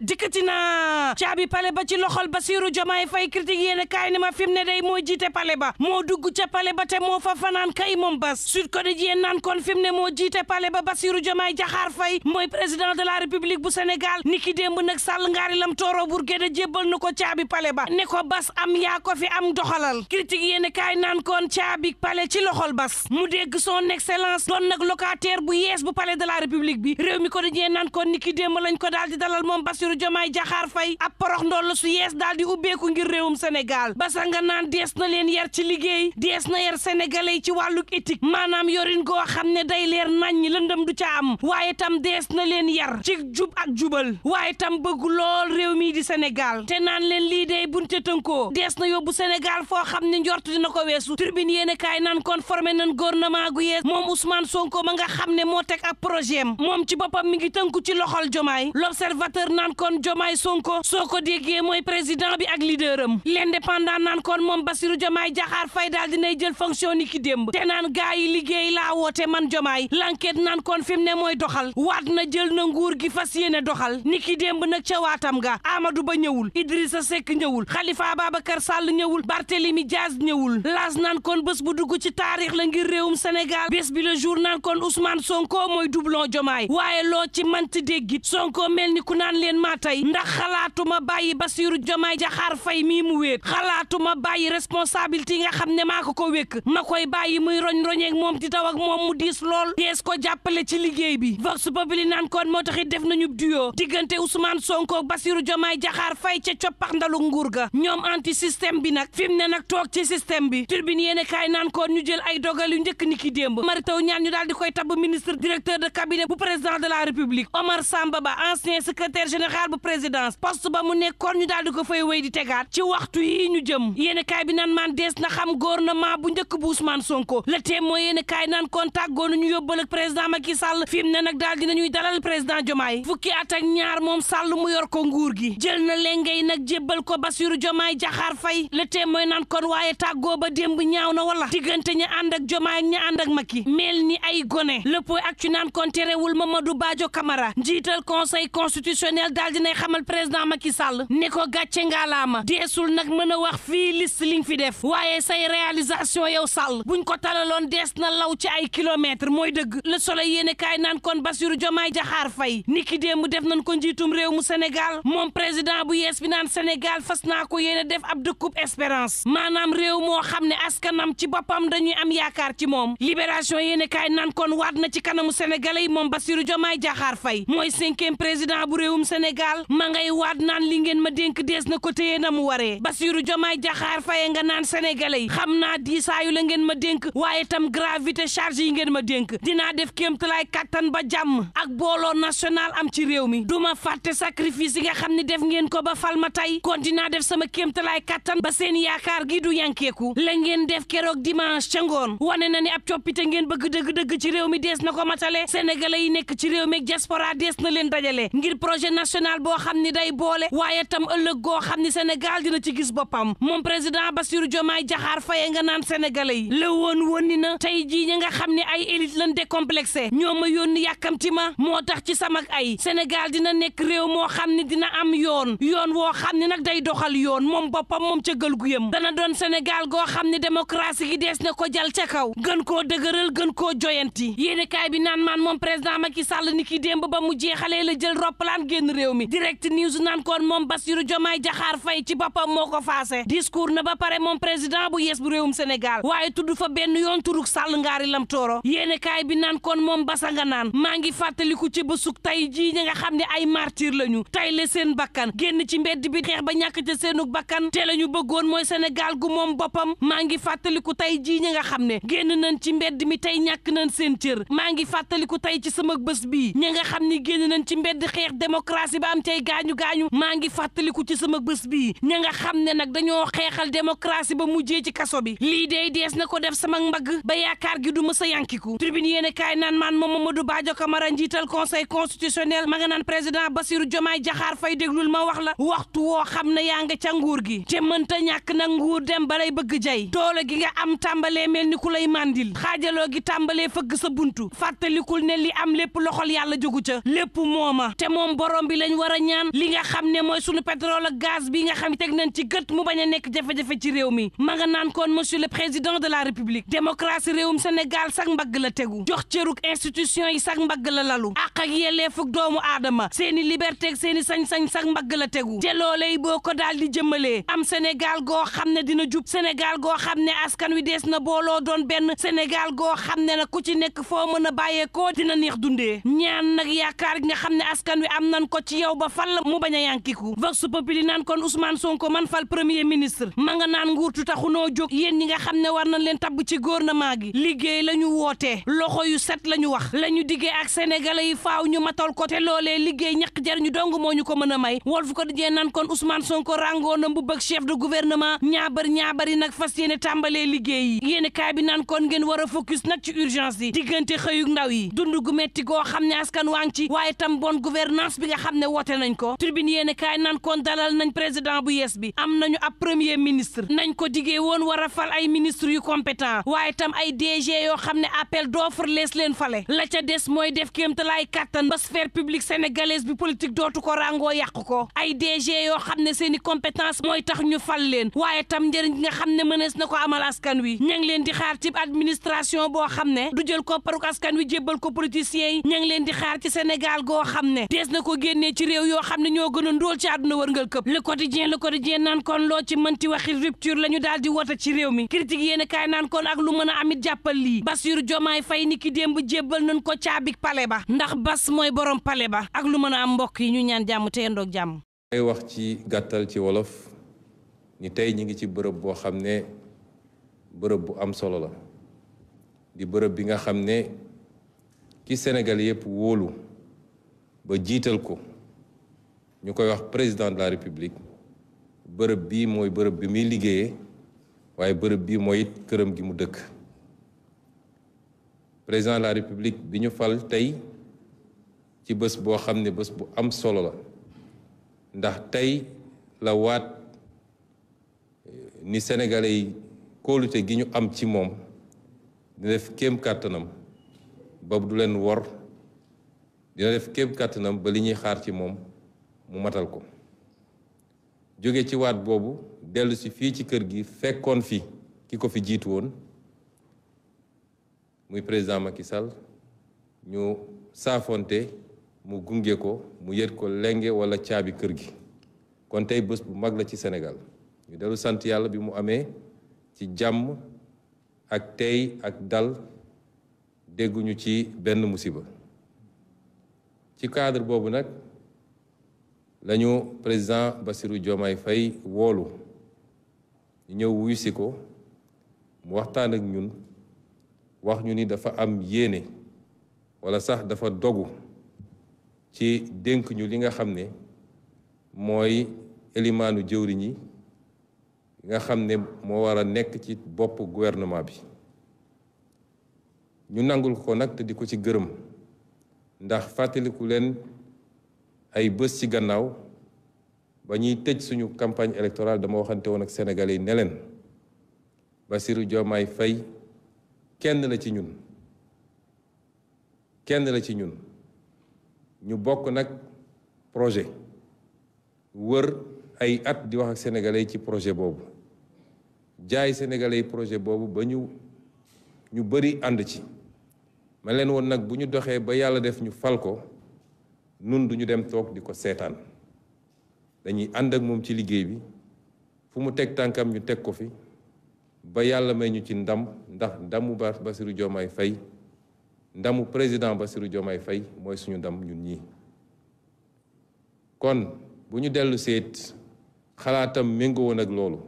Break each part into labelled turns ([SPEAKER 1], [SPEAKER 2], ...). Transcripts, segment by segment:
[SPEAKER 1] dikkati naa caabi pale ba ci loxol Basiru Jomaay Fay critique yéen a kaay ne ma fi mu ne jiite pale ba moo dugg ca pale ba te moo fa fanaan moom bas Sud Quotidien naan kon mu ne moo jiite pale ba Basiru Jomaay Jaxaar Fay mooy président de la République bu Sénégal ni ki démb nag sàll ngaari lam tooro bur géde na ko caabi pale ba ne ko bas am yaa ko am doxalal critique yéen a kaay naan kon caabi pale ci loxol bas mu dégg son excellence doon nag locataire bu yees bu pale de la République bi réew mi Quotidien naan kon ni ki démb lañ ko daal di dalal moom Basiru Bassirou Diomaye Diakhar Faye ab porox ndoll su yees daal di ubbeeku ngir réewum Sénégal basa nga naan dees leen yar ci liggéey dees na yar sénégalais yi ci wàlluk éthique maanaam yorin goo xam ne day leer naññ lëndëm du ca am waaye tam dees na leen yar ci jub ak jubal waaye tam bëgg lool réew mii di Sénégal te naan leen lii day bunte tënkoo dees na yóbbu Sénégal foo xam ne njort na ko weesu tribune yéen kaay naan kon formé nan gouvernement gu yees moom Ousmane Sonko ma nga xam ne moo teg ak projet moom ci boppam mi ngi tënku ci loxol Diomaye kon Jomaay Sonko soo ko déggee mooy président bi ak leader am l'indépendant naan kon moom Bassirou Jomaay Jaxaar Fay daal dinay jël fonction ni ki démb te naan ga yi liggéey la woote man Jomaay l'enquête naan kon fi mu mooy doxal waat na jël na nguur gi fas yéene doxal ni ki démb na ca waatam ga Amadou Ba ñëwul Idrissa Seck ñëwul Khalifa Ababacar Sall ñëwul Barthélemy Diaz ñëwul laas naan kon bés bu dugg ci taarix la ngir réewum Sénégal bés bi la jour naan kon Ousmane Sonko mooy doublon Jomaay waaye loo ci mënti dégg Sonko mel ma tey ndax xalaatuma bàyyi Bassirou Diomaye fay Faye mii mu wéet xalaatuma bàyyi responsabilité yi nga xam ne maa ko ko wékk ma koy bàyyi muy roñ-roñeeg moom di daw ak moom mu diis lool dees ko jàppale ci liggéey bi Vox Populi naan kon moo taxit def na nañu duo diggante Ousmane Sonko Bassirou Diomaye Diakhar Faye ca coppax ndalu nguur ga ñoom anti système bi nag fi mu ne nag toog ci système bi turbine yéen kaay naan kon ñu jël ay dogal yu njëkk ni ki démb Mary Teuw Niane ñu daal di koy tabb ministre directeur de cabinet bu président de la république Omar Samba Ba général bu présidence poste ba mu nekkoon ñu daal di ko fay wéy di tegaat ci waxtu yi ñu jëm yéen kaay bi naan maan dees na xam gouvernement bu njëkk bu Ousmane Sonko le Témoin yéen kaay naan contact goonu ñu yóbbal ak président Macky Sall fi mu ne nag daal dinañuy dalal président Diomaye fukki at ak ñaar moom sal mu yor ko nguur gi jël na lengay nag jébbal ko Bassirou Diomaye Diakhar Faye le mooy naan kon waaye tàggoo ba démb ñaaw na wala diggante ña ànd ak Diomaye ak ña ànd ak Macky ni ay gone le point ak ci naan daal dinay xamal président Macky Sall ne ko gàcce ngaalaama deesul nag mën a wax fii liste li nga fi def waaye say réalisation yow Sall buñ ko talaloon dees na law ci ay kilomètres mooy dëgg la soleil yéene kaay naan kon Bassirou Diomaye Diakhar Faye niki démb def nañ ko njiitum réew mu Sénégal moom président bu yees bi naan Sénégal fas naa ko yéene def ab dëkkub espérance maanaam réew moo xam ne nam ci boppam dañuy am yaakaar ci moom libération yéene kaay naan kon waat na ci kanamu sénégalais yi moom Bassirou Diomaye Diakhar Faye mooy cinquième président bu réewum Sénégal Sénégal ma ngay waat naan li ngeen ma dénk dees na ko téye na mu waree Bassirou Diomaye Diakhar Faye nga naan sénégalais yi xam naa diisaayu la ngeen ma dénk waaye tam gravité charge yi ngeen ma dénk dinaa def kéemtalaay kàttan ba jàmm ak booloo national am ci réew mi ma fàtte sacrifice yi nga xam ni def ngeen ko ba fal ma tey kon dinaa def sama kéemtalaay kàttan ba seen yaakaar gi du yankeeku la ngeen def keroog dimanche ca ngoon wane na ni ab coppite ngeen bëgg dëgg-dëgg ci réew mi dees na ko matale sénégalais yi nekk ci réew mi diaspora dees na leen dajale ngir projet national national boo xam ni day boole waaye tam ëllëg goo xam ni Sénégal dina ci gis boppam moom président Bassirou Diomaye jaxaar Faye nga naan sénégalais yi la woon woon ni na tey jii ñi nga xam ni ay élite lan décomplexé ñoo ma yónni yàkkamti ma moo tax ci samak ay Sénégal dina nekk réew moo xam ni dina am yoon yoon woo xam ni nag day doxal yoon moom boppam moom ca gël gu yëm dana doon Sénégal goo xam ni démocratie gi dees na ko jal ca kaw gën koo dëgëral gën koo joyanti yéene kaay bi naan maan moom président Macky Sall ni ki démb ba mu jeexalee la jël roppalaan réew mi direct news naan koon moom Bassirou Diomaye Diakhar Faye ci boppam moo ko faase discours na ba pare moom président bu yees bu réewum Sénégal waaye tudd fa benn yoon turuk sàll ngaari lam tooro yéene bi naan koon moom basa nga naan maa ngi fàttaliku ci bésug tey jii ña nga xam ni ay martyr lañu tey le seen bakkan genn ci mbedd bi xeex ba ñàkk ca seenug bakkan te la ñu bëggoon mooy Sénégal gu moom boppam maa ngi fàttaliku tey jii ña nga xam ne génn nañ ci mbedd mi tey ñàkk nañ seen cër maa ngi fàttaliku tey ci sama bés bii ña nga xam ne génn nañ ci mbedd xeex démocratie si ba am cay gaañu-gaañu maa ngi fàttaliku ci sama bés bii ña xam ne nag dañoo xeexal démocratie ba mujjee ci kaso bi lii dey dees na ko def sama mbagg ba yaakaar gi du ma sa yankiku tribune yéene kaay naan maan moom Mamadou Badio Camara njiital conseil constitutionnel ma nga naan président Bassirou Diomaye fay Faye déglul ma wax la waxtu woo xam ne yaa nga ca nguur gi te mënta ñàkk nag nguur dem balay bëgg jay doole gi nga am tàmbalee mel ni ku lay màndil xaajaloo gi tàmbalee fëgg sa buntu fàttalikul ne li am lépp loxol ca lañ war a ñaan li nga xam ne mooy sunu pétrole ak gaz bi nga xam teg nañ ci gët mu bañ a nekk jafe-jafe ci réew mi ma nga naan kon monsieur le président de la république démocratie réewum Sénégal sax mbagg la tegu jox cëruk institution yi sax mbagg la lalu àq ak yelleefuk doomu aadama seeni liberté ak seeni sañ-sañ sax mbagg la tegu te loolee boo ko daal di jëmmalee am Sénégal goo xam ne dina jub Sénégal goo xam ne askan wi dees na booloo doon benn Sénégal goo xam ne na ku ci nekk foo mën a bàyyeekoo dina neex dundee ñaan nag yaakaar xam ne askan wi am nan ko ci yow ba fal mu bañ a yankiku vox populi naan kon Ousmane Sonko man fal premier ministre ma nga naan nguurtu taxunoo jóg yéen ñi nga xam ne war nañ leen tabb ci gouvernement gi liggéey la ñu wootee loxo yu set la ñu wax la ñu diggee ak sénégalais yi faaw ñu matal ko te loolee liggéey ñaq jar ñu dong moo ñu ko mën a may Walf Quotidien nan kon Ousmane Sonko ràngoo na bu bëgg chef de gouvernement ñaabar ñaabar yi nag fas yéene tàmbalee liggéey yi yéene kaay bi naan kon ngeen war a focus nag ci urgence yi diggante xëyug ndaw yi dund gu metti goo xam ne askan waa ngi ci waaye tam bi nga xam ne wote nañ ko tribune yéen kaay nan kon dalal nañ président bu yees bi am nañu ab premier ministre nañ ko diggee woon war a fal ay ministre yu compétent waaye tam ay DG yoo xam ne appel d'offre lees leen fale la ca des mooy def kéemtalaay kattan ba sphère publique sénégalaise bi politique dootu ko ràngoo yàq ko ay DG yoo xam ne seen i compétence mooy tax ñu fal leen waaye tam njëriñ nga xam ne mënees na ko amal askan wi ña ngi leen di xaar ci administration boo xam ne du jël ko paruk askan wi jébbal ko politiciens yi leen di xaar ci Sénégal ci réew yoo xam ne ñoo gën a ndóol ci àdduna wërngal këpp le quotidien le quotidien naan kon loo ci mënti waxi rupture la ñu daal di ci réew mi critique yéen kaay naan kon ak lu mën a amit jàppal lii Bassirou Diomaye Faye ni ki démb jébbal nañ ko caabi pale ba ndax bas mooy borom pale ba ak lu mën a am mbokk yi ñu ñaan jàmm te yendoog jàmm
[SPEAKER 2] ay wax ci gàttal ci wolof ni tey ñi ngi ci bërëb boo xam ne bërëb bu am solo la di bërëb bi nga xam ne ki Sénégal yépp wóolu ba jiital ko ñu koy wax président de la république bërëb bii mooy bërëb bi muy liggéeyee waaye bërëb bii mooy it këram gi mu dëkk président de la république bi ñu fal tey ci bés boo xam ne bés bu am solo la ndax tey la waat ni sénégalais yi kóolute gi ñu am ci moom dina def kem kàttanam ba du leen wor dina def kem kàttanam ba li ñuy xaar ci moom mu matal ko jóge ci waat boobu dellusi fii ci kër gi fekkoon fi ki ko fi jiitu woon muy président Macky Sall ñu saafonte mu gunge ko mu yët ko lenge wala caabi kër gi kon tey bés bu mag la ci senegal ñu dellu sant yàlla bi mu amee ci jàmm ak tey ak dal dégguñu ci benn musiba ci cadre boobu nag lañu président Bassirou Diomaye fay woolu ñëw wuyu si ko mu waxtaan ak ñun wax ñu ni dafa am yéene wala sax dafa dogu ci dénk ñu li nga xam ne mooy élimaanu jëwriñ yi nga xam ne moo war a nekk ci bopp gouvernement bi ñu nangul ko nag te di ko ci gërëm ndax fàttaliku leen ay bés ci gannaaw ba ñuy tëj suñu campagne électorale dama waxante woon ak sénégalais yi ne leen basiru Diomaye Faye kenn la ci ñun kenn la ci ñun ñu bokk nag projet wër ay at di wax ak sénégalais ci projet boobu jaay yi projet boobu ba ñu ñu bëri ànd ci ma leen woon nag bu ñu doxee ba yàlla def ñu fal ko nun duñu dem toog di ko seetaan dañuy ànd ak moom ci liggéey bi fu mu teg tànkam ñu teg ko fi ba yàlla may ñu ci ndam ndax ndamu Bassirou Diomaye fay ndamu président Bassirou Diomaye fay mooy suñu ndam ñu nii kon bu ñu dellu seet xalaatam méngoo woon ak loolu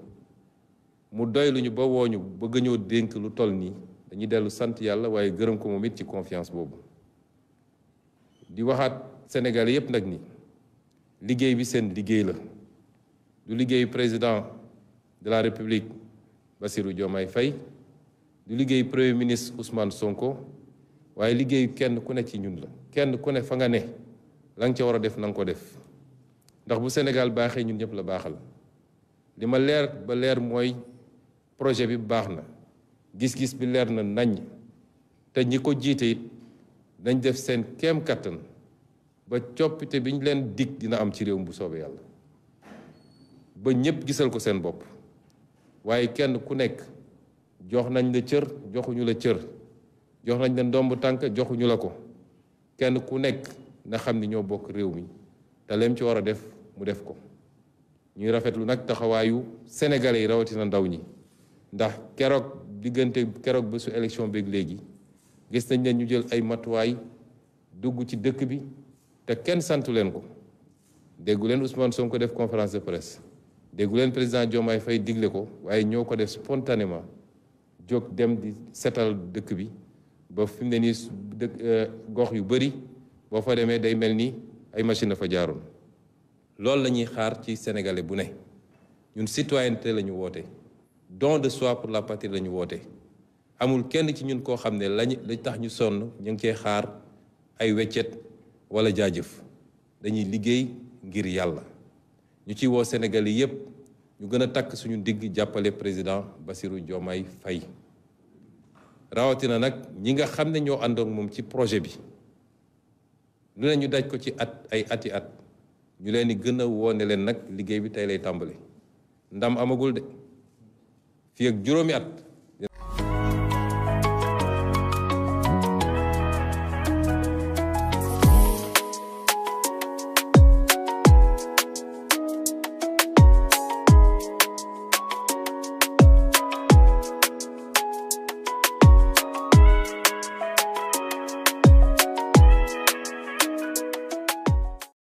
[SPEAKER 2] mu doy lu ñu ba wooñu bëgg ñoo dénk lu toll nii dañuy dellu sant yàlla waaye gërëm ko moom it ci confiance boobu di waxaat Sénégalais yépp nag ni liggéey bi seen liggéey la du liggéey président de la République Bassirou Diomaye Faye du liggéey premier ministre Ousmane Sonko waaye liggéey kenn ku ne ci ñun la kenn ku ne fa nga ne la nga ca war a def na ko def ndax bu Sénégal baaxee ñun ñëpp la baaxal li ma leer ba leer mooy projet bi baax na gis-gis bi leer na nañ te ñi ko jiite it dañ def seen kem kattan ba coppite bi ñu leen dig dina am ci réew mi bu soobee yàlla ba ñépp gisal ko seen bopp waaye kenn ku nekk jox nañ la cër joxuñu la cër jox nañ la ndomb tànk joxuñu la ko kenn ku nekk na xam ni ñoo bokk réew mi te leem ci war a def mu def ko ñuy rafetlu nag taxawaayu sénégalais yi rawatina ndaw ñi ndax keroog diggante keroog bésu élection beeg léegi gis nañ leen ñu jël ay matuwaay dugg ci dëkk bi te kenn santu leen ko déggu leen Ousmane ko def conférence de presse déggu leen président Diomaye Faye digle ko waaye ñoo ko def spontanément jóg dem di setal dëkk bi ba fi mu ne nii dëkk euh, gox yu bëri boo fa demee day mel ni ay machine dafa jaaroon loolu lañuy xaar ci sénégalais bu ne ñun citoyenneté la ñu woote don de soi pour la patrie la woote amul kenn ci ñun koo xam ne lañ lañ tax ñu sonn ñu ngi cee xaar ay weccet wala jaajëf dañuy liggéey ngir yàlla ñu ci woo Sénégal yi yépp ñu gën a takk suñu digg jàppale président Bassirou Diomaye fay rawatina nag ñi nga xam ne ñoo àndoon moom ci projet bi lu ne ñu daj ko ci at ay ati at ñu leen di gën a woone leen nag liggéey bi tey lay tàmbali ndam amagul de fii ak juróomi at